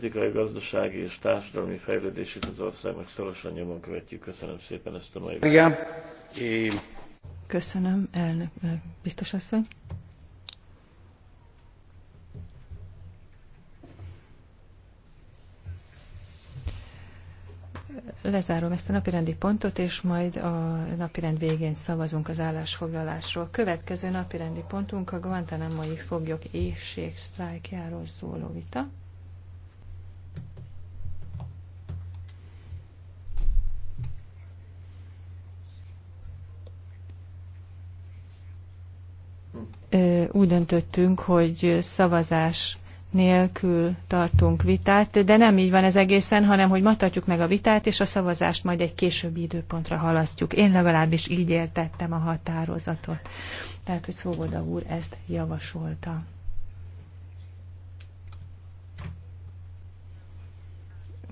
politikai, gazdasági és társadalmi fejlődését az országnak szorosan nyomon követjük. Köszönöm szépen ezt a mai Igen. Én... Köszönöm, elnök, biztos asszony. lezárom ezt a napirendi pontot, és majd a napirend végén szavazunk az állásfoglalásról. Következő napirendi pontunk a Guantanamo-i foglyok éjségsztrájkjáról szóló vita. úgy döntöttünk, hogy szavazás nélkül tartunk vitát, de nem így van ez egészen, hanem hogy ma tartjuk meg a vitát, és a szavazást majd egy későbbi időpontra halasztjuk. Én legalábbis így értettem a határozatot. Tehát, hogy Szóvoda úr ezt javasolta.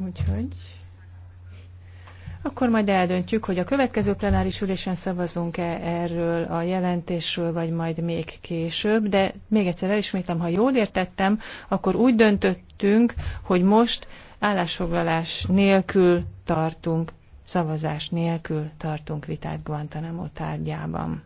Úgyhogy... Akkor majd eldöntjük, hogy a következő plenáris ülésen szavazunk-e erről a jelentésről, vagy majd még később, de még egyszer elismétlem, ha jól értettem, akkor úgy döntöttünk, hogy most állásfoglalás nélkül tartunk, szavazás nélkül tartunk vitát Guantanamo tárgyában.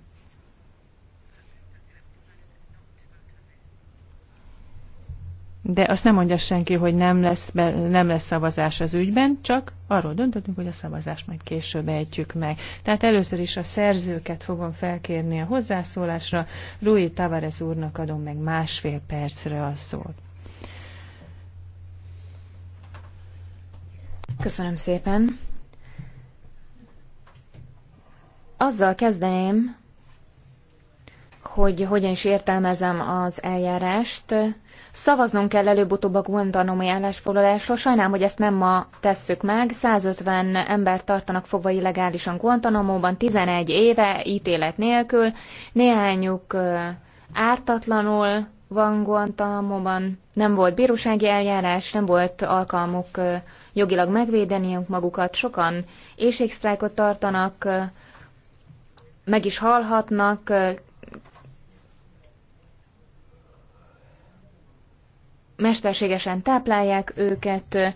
de azt nem mondja senki, hogy nem lesz, be, nem lesz szavazás az ügyben, csak arról döntöttünk, hogy a szavazást majd később ejtjük meg. Tehát először is a szerzőket fogom felkérni a hozzászólásra. Rui Tavares úrnak adom meg másfél percre a szót. Köszönöm szépen. Azzal kezdeném, hogy hogyan is értelmezem az eljárást. Szavaznunk kell előbb-utóbb a Guantanamo állásfoglalásról. Sajnálom, hogy ezt nem ma tesszük meg. 150 ember tartanak fogva illegálisan Guantanamo-ban, 11 éve, ítélet nélkül. Néhányuk ártatlanul van guantanamo nem volt bírósági eljárás, nem volt alkalmuk jogilag megvédeniük magukat. Sokan éjségsztrájkot tartanak, meg is halhatnak, mesterségesen táplálják őket.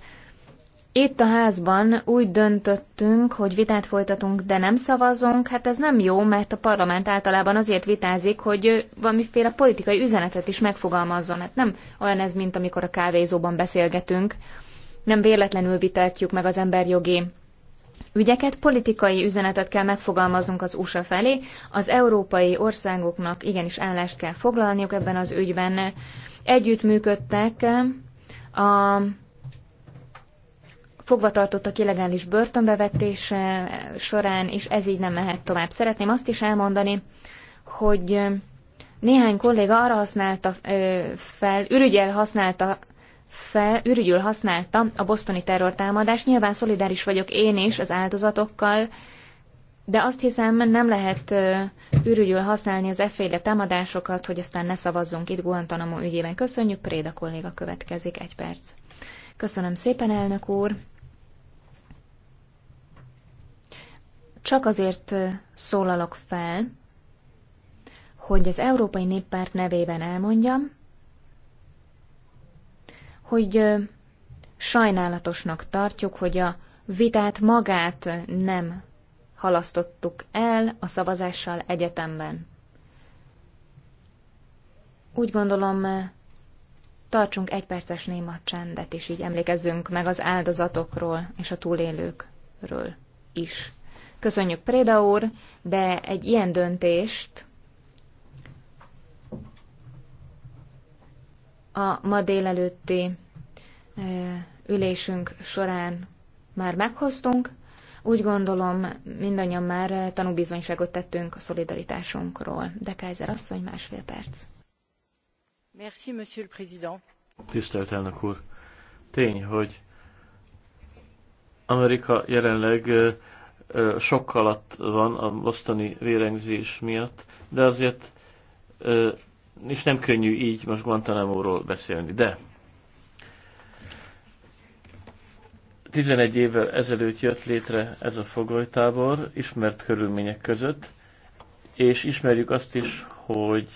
Itt a házban úgy döntöttünk, hogy vitát folytatunk, de nem szavazunk. Hát ez nem jó, mert a parlament általában azért vitázik, hogy valamiféle politikai üzenetet is megfogalmazzon. Hát nem olyan ez, mint amikor a kávézóban beszélgetünk. Nem véletlenül vitatjuk meg az emberjogi ügyeket, politikai üzenetet kell megfogalmaznunk az USA felé. Az európai országoknak igenis állást kell foglalniuk ebben az ügyben Együttműködtek a fogvatartottak illegális börtönbevetése során, és ez így nem mehet tovább. Szeretném azt is elmondani, hogy néhány kolléga arra használta fel, ürügyel használta fel, ürügyül használta a bosztoni terrortámadást. Nyilván szolidáris vagyok én is az áldozatokkal, de azt hiszem nem lehet ürügyül használni az efféle támadásokat, hogy aztán ne szavazzunk itt Guantanamo ügyében. Köszönjük, Préda kolléga következik, egy perc. Köszönöm szépen, elnök úr. Csak azért szólalok fel, hogy az Európai Néppárt nevében elmondjam, hogy sajnálatosnak tartjuk, hogy a vitát magát nem halasztottuk el a szavazással egyetemben. Úgy gondolom, tartsunk egy perces néma csendet, és így emlékezzünk meg az áldozatokról és a túlélőkről is. Köszönjük Préda úr, de egy ilyen döntést a ma délelőtti eh, ülésünk során már meghoztunk, úgy gondolom, mindannyian már tanúbizonyságot tettünk a szolidaritásunkról. De Kaiser asszony, másfél perc. Merci, monsieur le président. Tisztelt elnök úr! Tény, hogy Amerika jelenleg sok alatt van a mostani vérengzés miatt, de azért is nem könnyű így most Guantanamo-ról beszélni. De 11 évvel ezelőtt jött létre ez a fogolytábor, ismert körülmények között, és ismerjük azt is, hogy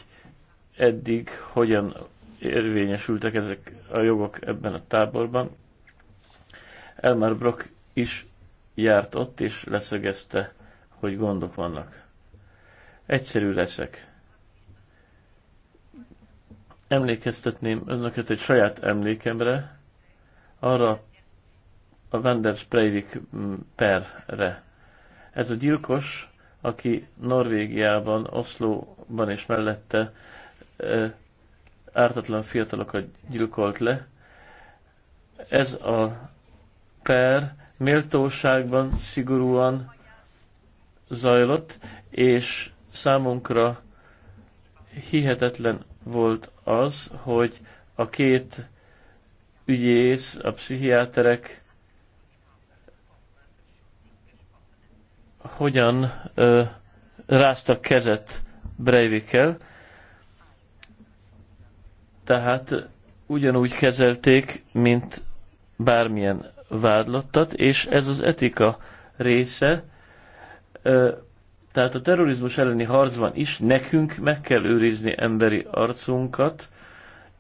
eddig hogyan érvényesültek ezek a jogok ebben a táborban. Elmar Brock is járt ott, és leszögezte, hogy gondok vannak. Egyszerű leszek. Emlékeztetném önöket egy saját emlékemre, arra a a Wenders Breivik mm, perre. Ez a gyilkos, aki Norvégiában, Oszlóban és mellette ártatlan fiatalokat gyilkolt le. Ez a per méltóságban szigorúan zajlott, és számunkra hihetetlen volt az, hogy a két ügyész, a pszichiáterek hogyan ö, ráztak kezet Breivikkel, tehát ugyanúgy kezelték, mint bármilyen vádlottat, és ez az etika része, ö, tehát a terrorizmus elleni harcban is nekünk meg kell őrizni emberi arcunkat,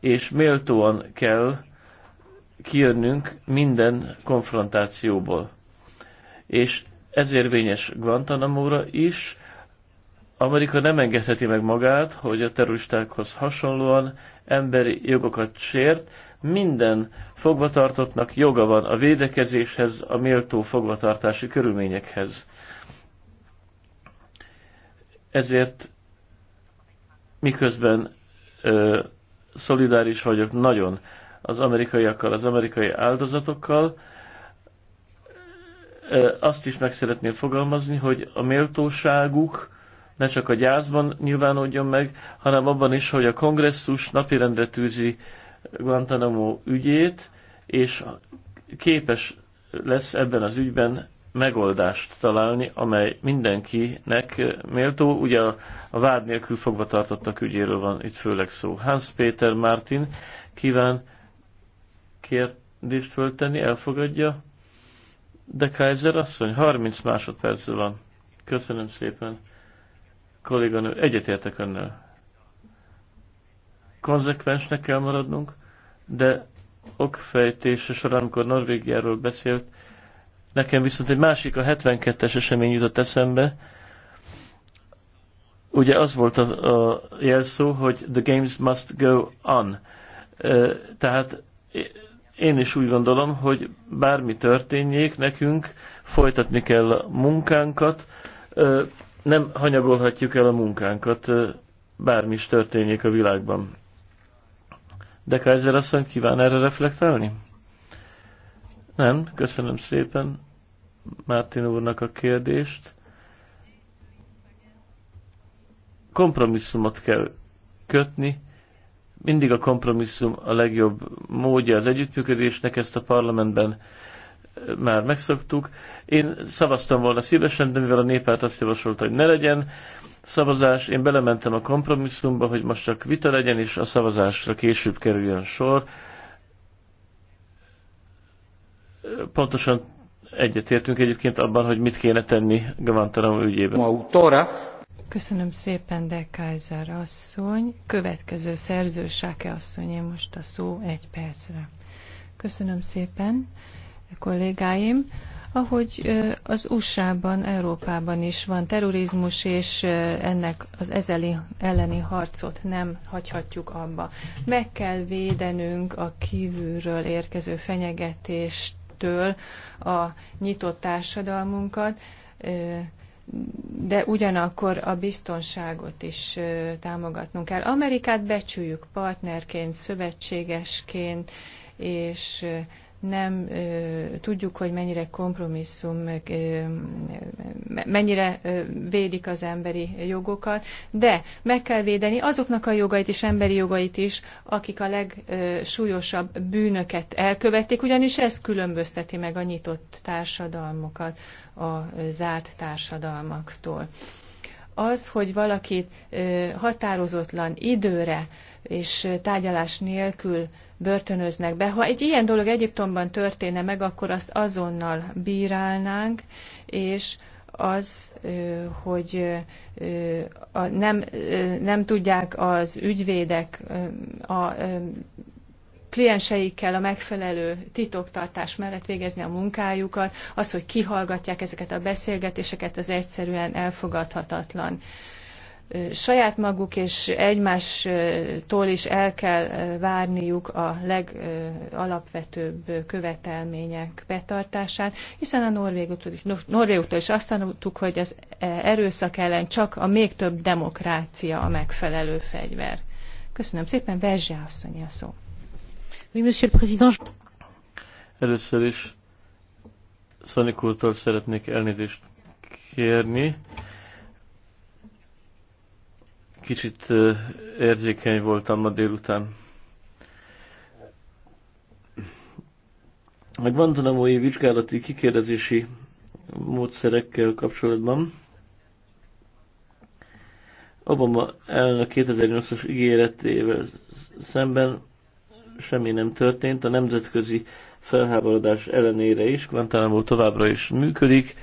és méltóan kell kijönnünk minden konfrontációból. És ez érvényes Guantanamo-ra is. Amerika nem engedheti meg magát, hogy a terroristákhoz hasonlóan emberi jogokat sért. Minden fogvatartottnak joga van a védekezéshez, a méltó fogvatartási körülményekhez. Ezért miközben ö, szolidáris vagyok nagyon az amerikaiakkal, az amerikai áldozatokkal, azt is meg szeretném fogalmazni, hogy a méltóságuk ne csak a gyászban nyilvánuljon meg, hanem abban is, hogy a kongresszus napirendre tűzi Guantanamo ügyét, és képes lesz ebben az ügyben megoldást találni, amely mindenkinek méltó. Ugye a, vád nélkül fogva tartottak ügyéről van itt főleg szó. Hans Péter Martin kíván kérdést föltenni, elfogadja. De Kaiser asszony, 30 másodperc van. Köszönöm szépen. Kolléganő, egyetértek önnel. Konzekvensnek kell maradnunk, de okfejtése során, amikor Norvégiáról beszélt, nekem viszont egy másik, a 72-es esemény jutott eszembe. Ugye az volt a, a jelszó, hogy the games must go on. Tehát én is úgy gondolom, hogy bármi történjék, nekünk folytatni kell a munkánkat, nem hanyagolhatjuk el a munkánkat, bármi is történjék a világban. De Kaiser asszony kíván erre reflektálni? Nem, köszönöm szépen Mártin úrnak a kérdést. Kompromisszumot kell kötni mindig a kompromisszum a legjobb módja az együttműködésnek, ezt a parlamentben eh, már megszoktuk. Én szavaztam volna szívesen, de mivel a néppárt azt javasolta, hogy ne legyen szavazás, én belementem a kompromisszumba, hogy most csak vita legyen, és a szavazásra később kerüljön sor. Pontosan egyetértünk egyébként abban, hogy mit kéne tenni Gavantanam ügyében. Autora, Köszönöm szépen, de Kaiser asszony. Következő szerző Sáke asszony, én most a szó egy percre. Köszönöm szépen, kollégáim. Ahogy az USA-ban, Európában is van terrorizmus, és ennek az ezeli elleni harcot nem hagyhatjuk abba. Meg kell védenünk a kívülről érkező fenyegetéstől a nyitott társadalmunkat, de ugyanakkor a biztonságot is támogatnunk kell. Amerikát becsüljük partnerként, szövetségesként, és nem tudjuk, hogy mennyire kompromisszum, mennyire védik az emberi jogokat, de meg kell védeni azoknak a jogait is, emberi jogait is, akik a legsúlyosabb bűnöket elkövették, ugyanis ez különbözteti meg a nyitott társadalmokat a zárt társadalmaktól. Az, hogy valakit határozatlan időre és tárgyalás nélkül börtönöznek be. Ha egy ilyen dolog Egyiptomban történne meg, akkor azt azonnal bírálnánk, és az, hogy nem, nem tudják az ügyvédek a klienseikkel a megfelelő titoktartás mellett végezni a munkájukat, az, hogy kihallgatják ezeket a beszélgetéseket, az egyszerűen elfogadhatatlan saját maguk és egymástól is el kell várniuk a legalapvetőbb követelmények betartását, hiszen a norvégoktól is, norvégoktól is azt tanultuk, hogy az e, erőszak ellen csak a még több demokrácia a megfelelő fegyver. Köszönöm szépen, Verzsé asszony a szó. Oui, monsieur le président. Először is Szanik úrtól szeretnék elnézést kérni Kicsit érzékeny voltam ma délután. A Guantanamo-i vizsgálati kikérdezési módszerekkel kapcsolatban Obama elnök 2008-as ígéretével szemben semmi nem történt, a nemzetközi felháborodás ellenére is, Guantanamo továbbra is működik,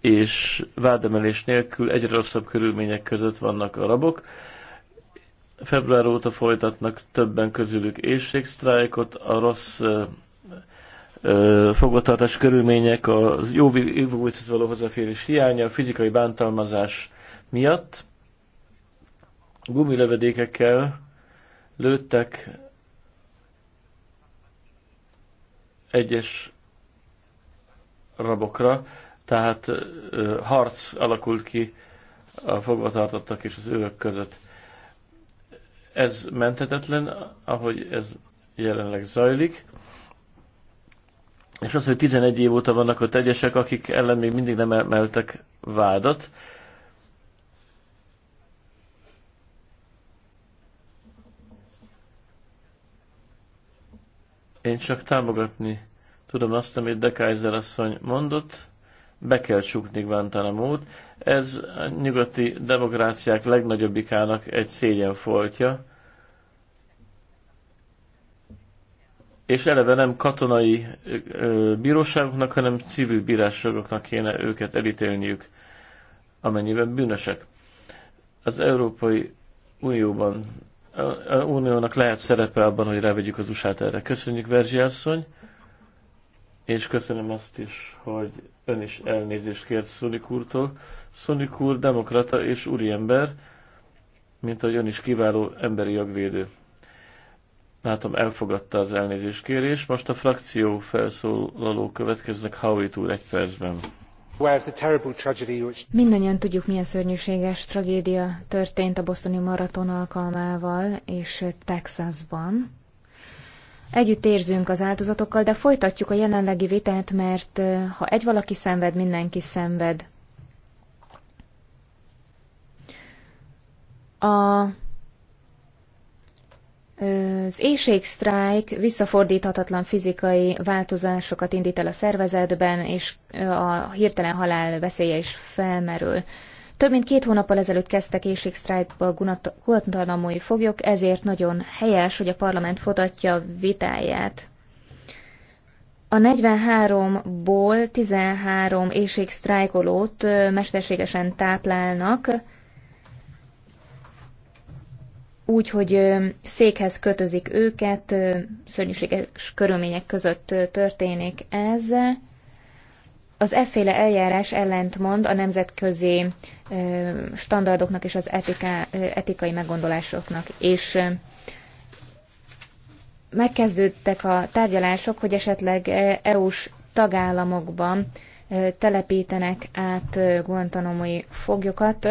és vádemelés nélkül egyre rosszabb körülmények között vannak a rabok. Február óta folytatnak többen közülük éjségsztrájkot, a rossz fogvatartás körülmények, a jó ivóvízhez való hozzáférés hiánya, a fizikai bántalmazás miatt gumilövedékekkel lőttek egyes rabokra, tehát harc alakult ki a fogvatartottak és az őrök között. Ez menthetetlen, ahogy ez jelenleg zajlik. És az, hogy 11 év óta vannak ott egyesek, akik ellen még mindig nem emeltek vádat. Én csak támogatni tudom azt, amit De Kaiser asszony mondott, be kell csukni Guantanamo-t. Ez a nyugati demokráciák legnagyobbikának egy szégyen foltja, és eleve nem katonai bíróságoknak, hanem civil bíróságoknak kéne őket elítélniük, amennyiben bűnösek. Az Európai Unióban, a Uniónak lehet szerepe abban, hogy rávegyük az USA-t erre. Köszönjük, Verzsi asszony! és köszönöm azt is, hogy ön is elnézést kért Szonik úrtól. Szonik úr demokrata és úriember, mint ahogy ön is kiváló emberi jogvédő. Látom, elfogadta az elnézést kérés. Most a frakció felszólaló következnek Howitt úr egy percben. Mindannyian tudjuk, milyen szörnyűséges tragédia történt a bosztoni maraton alkalmával és Texasban. Együtt érzünk az áldozatokkal, de folytatjuk a jelenlegi vitát, mert ha egy valaki szenved, mindenki szenved. A, az éjségsztrájk visszafordíthatatlan fizikai változásokat indít el a szervezetben, és a hirtelen halál veszélye is felmerül. Több mint két hónappal ezelőtt kezdtek éjségsztrájkba i foglyok, ezért nagyon helyes, hogy a parlament fotatja vitáját. A 43-ból 13 éjségsztrájkolót mesterségesen táplálnak, úgy, hogy székhez kötözik őket, szörnyűséges körülmények között történik ez az efféle eljárás ellentmond a nemzetközi standardoknak és az etika, etikai meggondolásoknak, és megkezdődtek a tárgyalások, hogy esetleg EU-s tagállamokban telepítenek át guantanomoi foglyokat.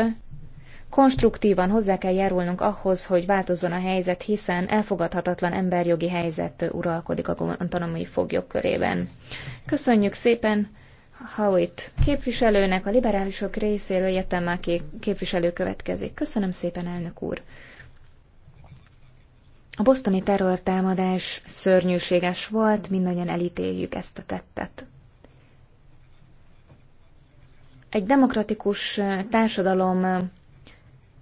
Konstruktívan hozzá kell járulnunk ahhoz, hogy változzon a helyzet, hiszen elfogadhatatlan emberjogi helyzet uralkodik a guantanomoi foglyok körében. Köszönjük szépen! Howitt képviselőnek a liberálisok részéről már képviselő következik. Köszönöm szépen, elnök úr! A bosztoni terrortámadás szörnyűséges volt, mindannyian elítéljük ezt a tettet. Egy demokratikus társadalom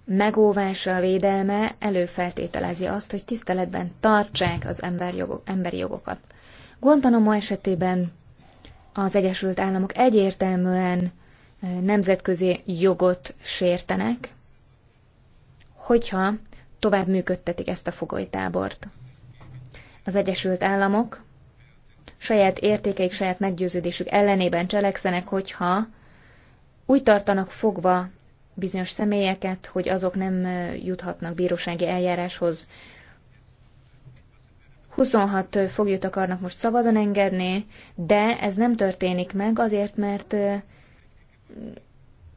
megóvása, védelme előfeltételezi azt, hogy tiszteletben tartsák az emberi jogokat. Guantanamo esetében az Egyesült Államok egyértelműen nemzetközi jogot sértenek, hogyha tovább működtetik ezt a fogolytábort. Az Egyesült Államok saját értékeik, saját meggyőződésük ellenében cselekszenek, hogyha úgy tartanak fogva bizonyos személyeket, hogy azok nem juthatnak bírósági eljáráshoz, 26 foglyot akarnak most szabadon engedni, de ez nem történik meg azért, mert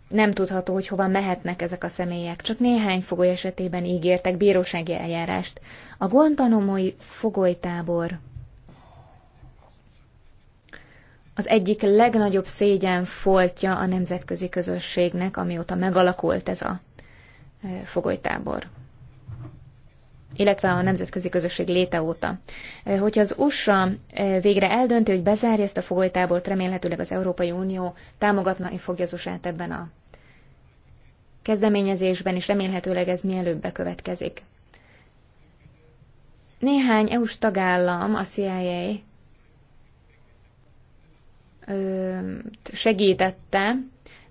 nem tudható, hogy hova mehetnek ezek a személyek. Csak néhány fogoly esetében ígértek bírósági eljárást. A Guantanamo-i fogolytábor az egyik legnagyobb szégyen foltja a nemzetközi közösségnek, amióta megalakult ez a fogolytábor illetve a nemzetközi közösség léte óta. Hogyha az USA végre eldönti, hogy bezárja ezt a fogolytábort, remélhetőleg az Európai Unió támogatni fogja az usa ebben a kezdeményezésben, és remélhetőleg ez mielőbb bekövetkezik. Néhány EU-s tagállam, a CIA segítette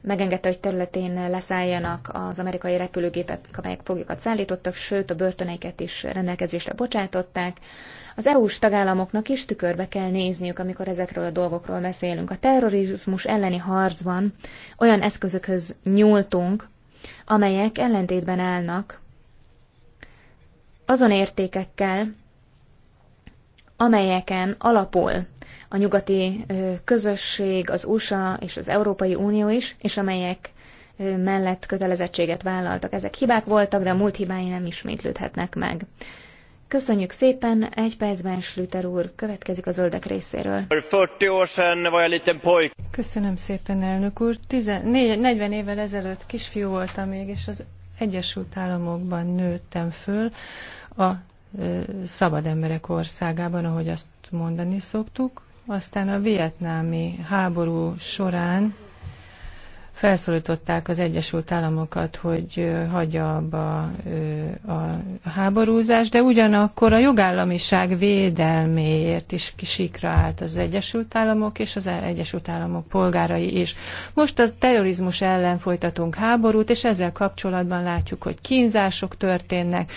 megengedte, hogy területén leszálljanak az amerikai repülőgépek, amelyek foglyokat szállítottak, sőt a börtöneiket is rendelkezésre bocsátották. Az EU-s tagállamoknak is tükörbe kell nézniük, amikor ezekről a dolgokról beszélünk. A terrorizmus elleni harcban olyan eszközökhöz nyúltunk, amelyek ellentétben állnak azon értékekkel, amelyeken alapul a nyugati közösség, az USA és az Európai Unió is, és amelyek mellett kötelezettséget vállaltak. Ezek hibák voltak, de a múlt hibái nem ismétlődhetnek meg. Köszönjük szépen, egy percben Slüter úr, következik a zöldek részéről. Köszönöm szépen, elnök úr. 40 évvel ezelőtt kisfiú voltam még, és az Egyesült Államokban nőttem föl, a szabad emberek országában, ahogy azt mondani szoktuk. Aztán a vietnámi háború során felszólították az Egyesült Államokat, hogy hagyja abba a háborúzást, de ugyanakkor a jogállamiság védelméért is kisikra állt az Egyesült Államok és az Egyesült Államok polgárai is. Most az terrorizmus ellen folytatunk háborút, és ezzel kapcsolatban látjuk, hogy kínzások történnek,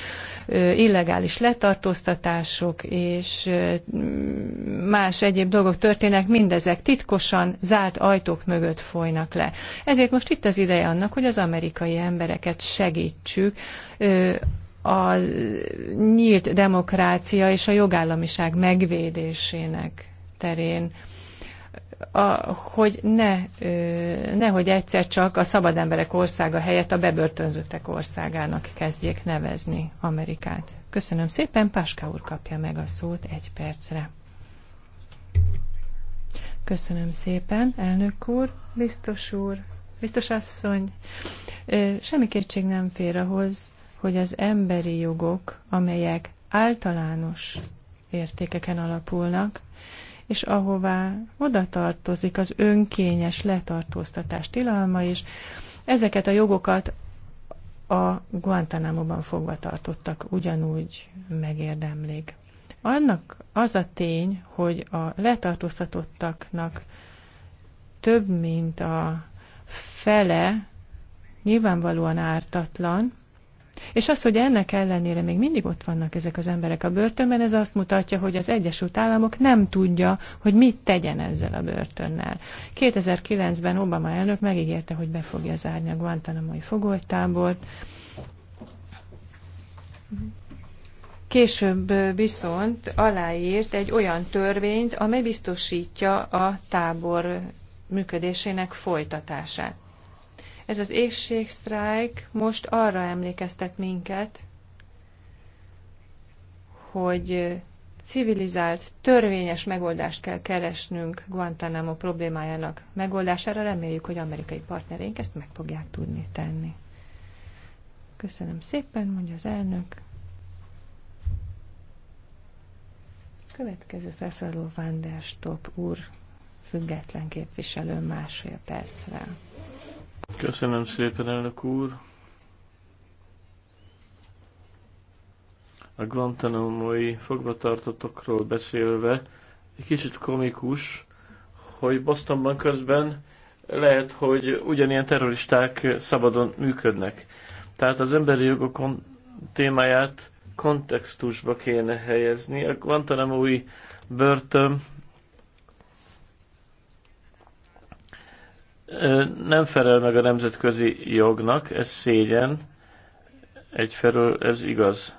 illegális letartóztatások és más egyéb dolgok történnek, mindezek titkosan zárt ajtók mögött folynak le. Ezért most itt az ideje annak, hogy az amerikai embereket segítsük a nyílt demokrácia és a jogállamiság megvédésének terén a, hogy ne, ö, nehogy egyszer csak a szabad emberek országa helyett a bebörtönzöttek országának kezdjék nevezni Amerikát. Köszönöm szépen, Páska úr kapja meg a szót egy percre. Köszönöm szépen, elnök úr, biztos úr, Biztos asszony, semmi kétség nem fér ahhoz, hogy az emberi jogok, amelyek általános értékeken alapulnak, és ahová oda tartozik az önkényes letartóztatás tilalma is, ezeket a jogokat a Guantanamo-ban fogva tartottak ugyanúgy megérdemlik. Annak az a tény, hogy a letartóztatottaknak több mint a fele nyilvánvalóan ártatlan, és az, hogy ennek ellenére még mindig ott vannak ezek az emberek a börtönben, ez azt mutatja, hogy az Egyesült Államok nem tudja, hogy mit tegyen ezzel a börtönnel. 2009-ben Obama elnök megígérte, hogy be fogja zárni a Guantanamo-i fogolytábort. Később viszont aláírt egy olyan törvényt, amely biztosítja a tábor működésének folytatását. Ez az éjségsztrájk most arra emlékeztet minket, hogy civilizált, törvényes megoldást kell keresnünk Guantánamo problémájának megoldására. Reméljük, hogy amerikai partnereink ezt meg fogják tudni tenni. Köszönöm szépen, mondja az elnök. Következő felszólaló Van úr független képviselő másfél percre. Köszönöm szépen, elnök úr! A Guantanamo-i fogvatartottakról beszélve egy kicsit komikus, hogy Bostonban közben lehet, hogy ugyanilyen terroristák szabadon működnek. Tehát az emberi jogok témáját kontextusba kéne helyezni. A Guantanamo-i börtön nem felel meg a nemzetközi jognak, ez szégyen, egyfelől ez igaz.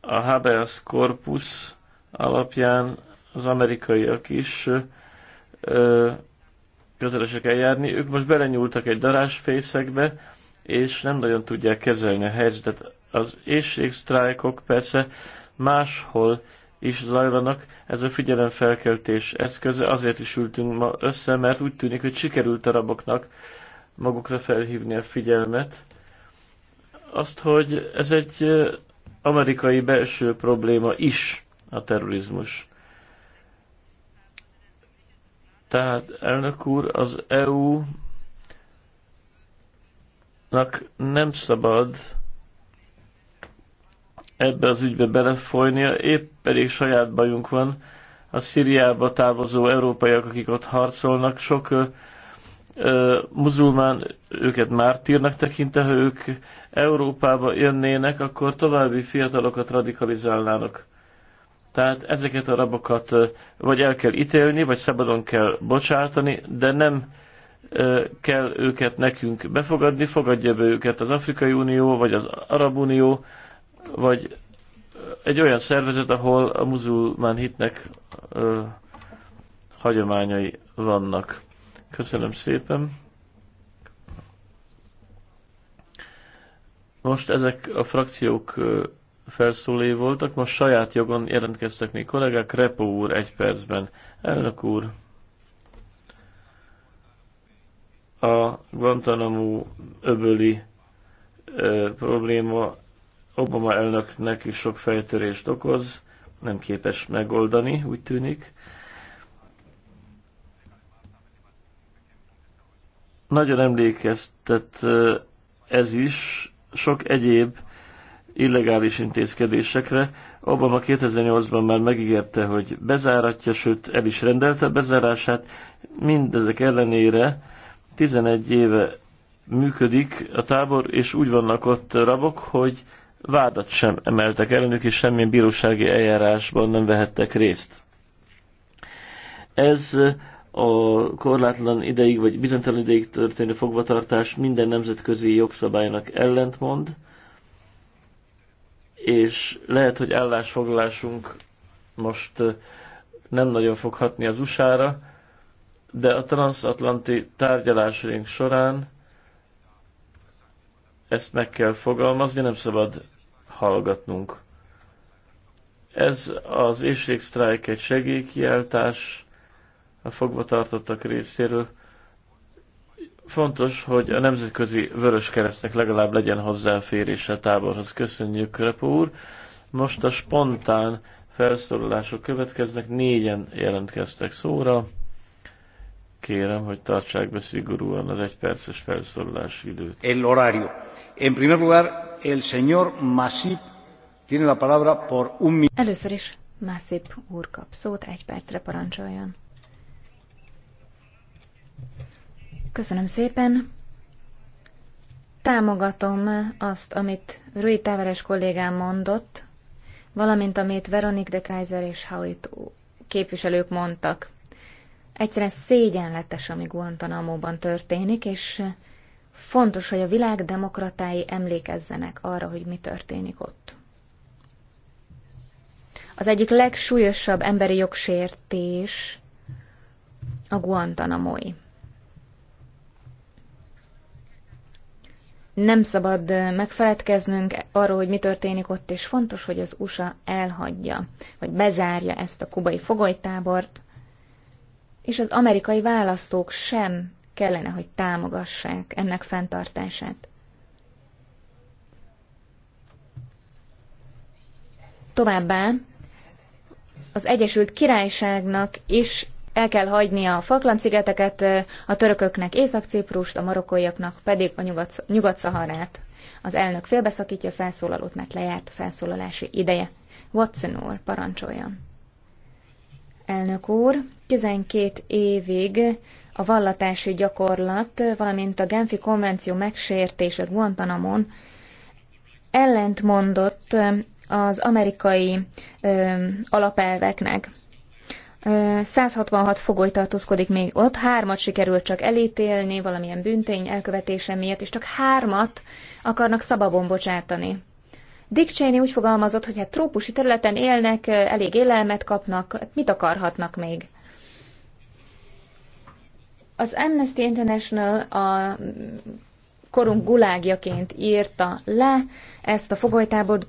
A habeas corpus alapján az amerikaiak is ö, közelesek eljárni. Ők most belenyúltak egy darásfészekbe, és nem nagyon tudják kezelni a helyzetet. Az éjségsztrájkok persze máshol is zajlanak. Ez a figyelemfelkeltés eszköze. Azért is ültünk ma össze, mert úgy tűnik, hogy sikerült a raboknak magukra felhívni a figyelmet. Azt, hogy ez egy amerikai belső probléma is a terrorizmus. Tehát, elnök úr, az EU-nak nem szabad ebbe az ügybe belefolynia, épp pedig saját bajunk van. A Szíriába távozó európaiak, akik ott harcolnak, sok ö, ö, muzulmán őket mártírnak tekinte, ha ők Európába jönnének, akkor további fiatalokat radikalizálnának. Tehát ezeket a rabokat vagy el kell ítélni, vagy szabadon kell bocsátani, de nem kell őket nekünk befogadni, fogadja be őket az Afrikai Unió, vagy az Arab Unió, vagy egy olyan szervezet, ahol a muzulmán hitnek ö, hagyományai vannak. Köszönöm szépen. Most ezek a frakciók felszólé voltak, most saját jogon jelentkeztek még kollégák. Repo úr egy percben. Elnök úr. A Guantanamo öböli ö, probléma Obama elnöknek is sok fejtörést okoz, nem képes megoldani, úgy tűnik. Nagyon emlékeztet ez is sok egyéb illegális intézkedésekre. Obama 2008-ban már megígérte, hogy bezáratja, sőt el is rendelte bezárását. Mindezek ellenére 11 éve működik a tábor, és úgy vannak ott rabok, hogy vádat sem emeltek ellenük, és semmilyen bírósági eljárásban nem vehettek részt. Ez a korlátlan ideig, vagy bizonytalan ideig történő fogvatartás minden nemzetközi jogszabálynak ellentmond, és lehet, hogy állásfoglalásunk most nem nagyon fog hatni az USA-ra, de a transatlanti tárgyalásaink során ezt meg kell fogalmazni, nem szabad hallgatnunk. Ez az éjségsztrájk egy segélykiáltás a fogvatartottak részéről. Fontos, hogy a Nemzetközi Vörös Keresztnek legalább legyen hozzáférése a táborhoz. Köszönjük, Repo úr! Most a spontán felszólalások következnek, négyen jelentkeztek szóra. Kérem, hogy tartsák be szigorúan az egyperces felszólalás időt. El horario. En primer lugar, Először is Masip úr kap szót, egy percre parancsoljon. Köszönöm szépen. Támogatom azt, amit Rui Táveres kollégám mondott, valamint amit Veronik de Kaiser és Hauit képviselők mondtak. Egyszerűen szégyenletes, ami Guantanamo-ban történik, és Fontos, hogy a világ demokratái emlékezzenek arra, hogy mi történik ott. Az egyik legsúlyosabb emberi jogsértés a Guantanamo-i. Nem szabad megfeledkeznünk arról, hogy mi történik ott, és fontos, hogy az USA elhagyja, vagy bezárja ezt a kubai fogolytábort, és az amerikai választók sem kellene, hogy támogassák ennek fenntartását. Továbbá az Egyesült Királyságnak is el kell hagynia a Falkland-szigeteket, a törököknek Észak-Ciprust, a marokkóiaknak pedig a Nyugat-Szaharát. nyugat szaharát az elnök félbeszakítja a felszólalót, mert lejárt a felszólalási ideje. Watson úr, parancsoljon. Elnök úr, 12 évig a vallatási gyakorlat, valamint a Genfi konvenció megsértése Guantanamon ellentmondott um, az amerikai ö, um, alapelveknek. 166 um, fogoly tartózkodik még ott, hármat sikerült csak elítélni valamilyen büntény elkövetése miatt, és csak hármat akarnak szabadon bocsátani. Dick Cheney úgy fogalmazott, hogy hát trópusi területen élnek, elég élelmet kapnak, hát mit akarhatnak még? Az Amnesty International a korunk gulágjaként írta le ezt a fogolytábort,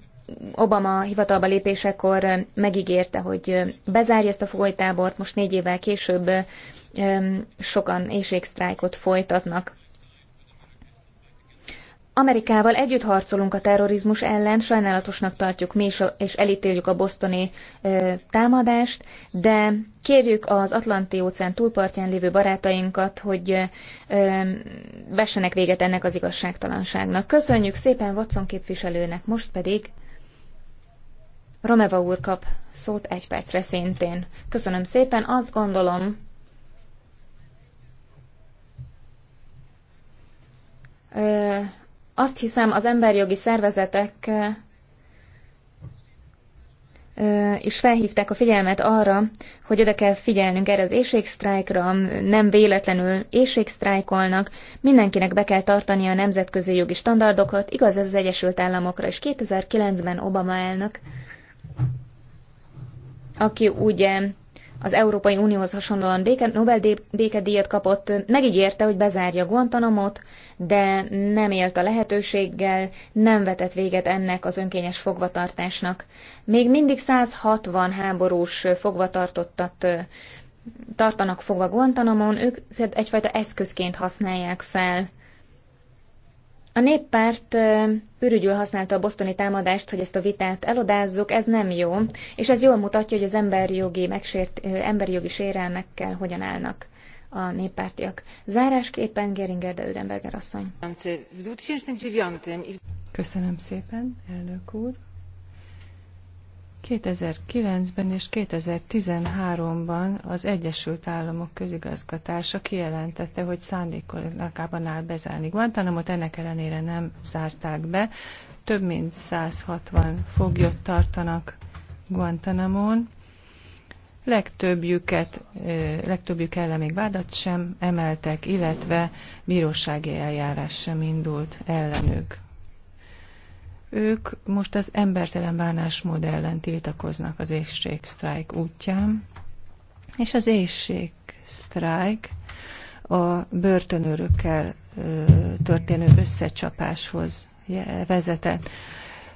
Obama hivatalba lépésekor megígérte, hogy bezárja ezt a fogolytábort, most négy évvel később sokan éjségsztrájkot folytatnak. Amerikával együtt harcolunk a terrorizmus ellen, sajnálatosnak tartjuk mi is, és elítéljük a bosztoni ö, támadást, de kérjük az Atlanti-óceán túlpartján lévő barátainkat, hogy ö, vessenek véget ennek az igazságtalanságnak. Köszönjük szépen Watson képviselőnek, most pedig Romeva úr kap szót egy percre szintén. Köszönöm szépen, azt gondolom, ö, azt hiszem, az emberjogi szervezetek és felhívták a figyelmet arra, hogy oda kell figyelnünk erre az éjségsztrájkra, nem véletlenül éjségsztrájkolnak, mindenkinek be kell tartania a nemzetközi jogi standardokat, igaz ez az Egyesült Államokra is. 2009-ben Obama elnök, aki ugye az Európai Unióhoz hasonlóan béke, Nobel békedíjat kapott, megígérte, hogy bezárja Guantanamot, de nem élt a lehetőséggel, nem vetett véget ennek az önkényes fogvatartásnak. Még mindig 160 háborús fogvatartottat tartanak fogva Guantanamon, ők egyfajta eszközként használják fel a néppárt ürügyül használta a bosztoni támadást, hogy ezt a vitát elodázzuk, ez nem jó, és ez jól mutatja, hogy az emberi jogi, megsért, emberi jogi sérelmekkel hogyan állnak a néppártiak. Zárásképpen Geringer de Ödenberger asszony. Köszönöm szépen, elnök úr. 2009-ben és 2013-ban az Egyesült Államok közigazgatása kijelentette, hogy szándékolakában áll bezárni Guantanamot, ennek ellenére nem zárták be. Több mint 160 foglyot tartanak Guantanamon. Legtöbbjüket, legtöbbjük ellen még vádat sem emeltek, illetve bírósági eljárás sem indult ellenük. Ők most az embertelen bánásmód ellen tiltakoznak az sztrájk útján, és az sztrájk a börtönőrökkel történő összecsapáshoz vezetett.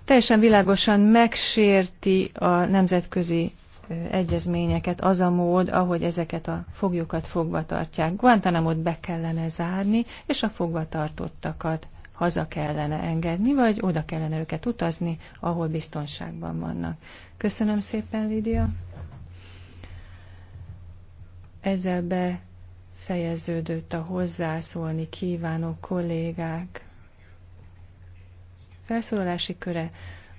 Teljesen világosan megsérti a nemzetközi egyezményeket az a mód, ahogy ezeket a foglyokat fogva tartják. Guantanamot be kellene zárni, és a fogvatartottakat haza kellene engedni, vagy oda kellene őket utazni, ahol biztonságban vannak. Köszönöm szépen, Lídia. Ezzel befejeződött a hozzászólni kívánó kollégák felszólalási köre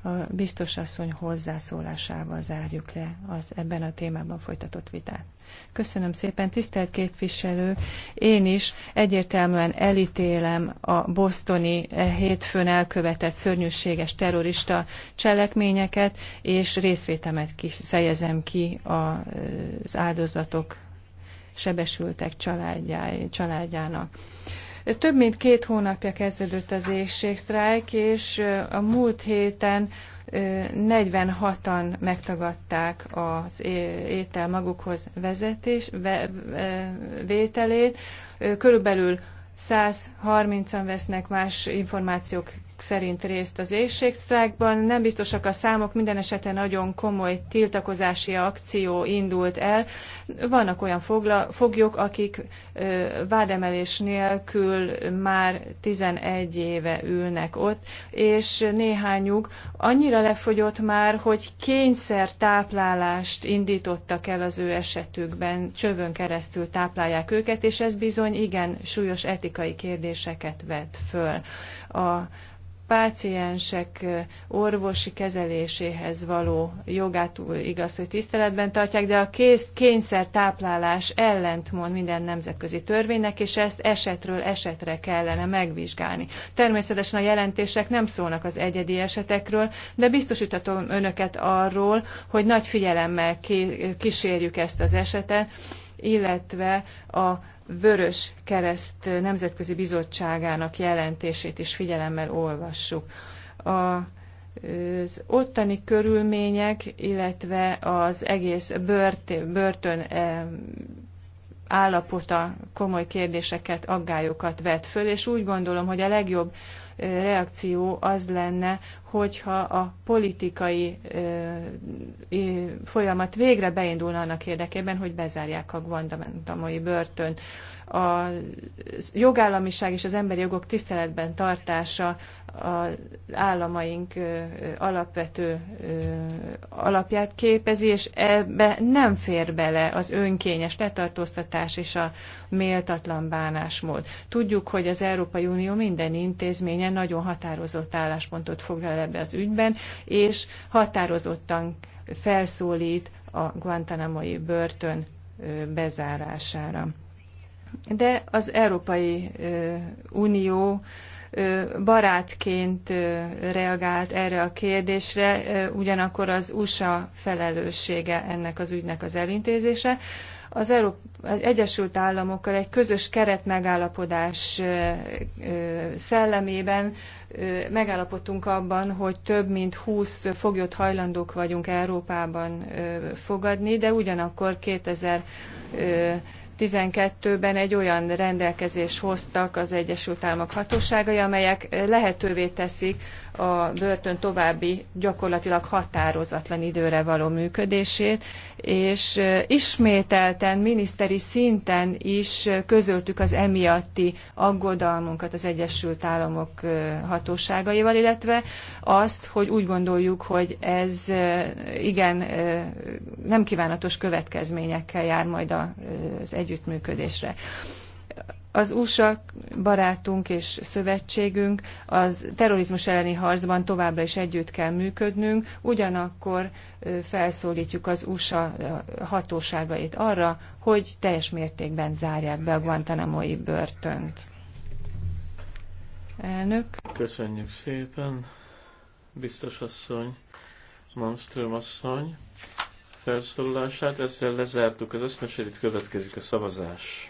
a biztos asszony hozzászólásával zárjuk le az ebben a témában folytatott vitát. Köszönöm szépen, tisztelt képviselő! Én is egyértelműen elítélem a bosztoni eh, hétfőn elkövetett szörnyűséges terrorista cselekményeket, és részvétemet fejezem ki eh, az áldozatok sebesültek családjá, családjának. Több mint két hónapja kezdődött az éjségsztrájk, és a múlt héten 46-an megtagadták az étel magukhoz vezetés, vételét. Körülbelül 130-an vesznek más információk szerint részt az éjségsztrájkban. Nem biztosak a számok, minden esetben nagyon komoly tiltakozási akció indult el. Vannak olyan fogla, foglyok, akik ö, vádemelés nélkül már 11 éve ülnek ott, és néhányuk annyira lefogyott már, hogy kényszer táplálást indítottak el az ő esetükben, csövön keresztül táplálják őket, és ez bizony igen súlyos etikai kérdéseket vet föl. A páciensek orvosi kezeléséhez való jogát igaz, hogy tiszteletben tartják, de a kész kényszer táplálás ellentmond minden nemzetközi törvénynek, és ezt esetről esetre kellene megvizsgálni. Természetesen a jelentések nem szólnak az egyedi esetekről, de biztosítatom önöket arról, hogy nagy figyelemmel kísérjük ezt az esetet, illetve a Vörös Kereszt Nemzetközi Bizottságának jelentését is figyelemmel olvassuk. A, az ottani körülmények, illetve az egész börtön, börtön eh, állapota komoly kérdéseket, aggályokat vet föl, és úgy gondolom, hogy a legjobb reakció az lenne, hogyha a politikai folyamat végre beindulna annak érdekében, hogy bezárják a guantanamoi börtönt a jogállamiság és az emberi jogok tiszteletben tartása az államaink alapvető alapját képezi, és ebbe nem fér bele az önkényes letartóztatás és a méltatlan bánásmód. Tudjuk, hogy az Európai Unió minden intézménye nagyon határozott álláspontot foglal ebbe az ügyben, és határozottan felszólít a Guantanamo-i börtön bezárására de az Európai Unió barátként reagált erre a kérdésre, ugyanakkor az USA felelőssége ennek az ügynek az elintézése. Az Európa, Egyesült Államokkal egy közös keretmegállapodás szellemében megállapodtunk abban, hogy több mint 20 foglyot hajlandók vagyunk Európában fogadni, de ugyanakkor 2000 2012-ben egy olyan rendelkezést hoztak az Egyesült Államok hatóságai, amelyek lehetővé teszik a börtön további gyakorlatilag határozatlan időre való működését, és ismételten miniszteri szinten is közöltük az emiatti aggodalmunkat az Egyesült Államok hatóságaival, illetve azt, hogy úgy gondoljuk, hogy ez igen nem kívánatos következményekkel jár majd az Egyesült együttműködésre. Az USA barátunk és szövetségünk, az terrorizmus elleni harcban továbbra is együtt kell működnünk, ugyanakkor felszólítjuk az USA hatóságait arra, hogy teljes mértékben zárják be a Guantanamo-i börtönt. Elnök. Köszönjük szépen, biztos asszony, Malmström asszony felszólalását, ezzel lezártuk az eszmesét, következik a szavazás.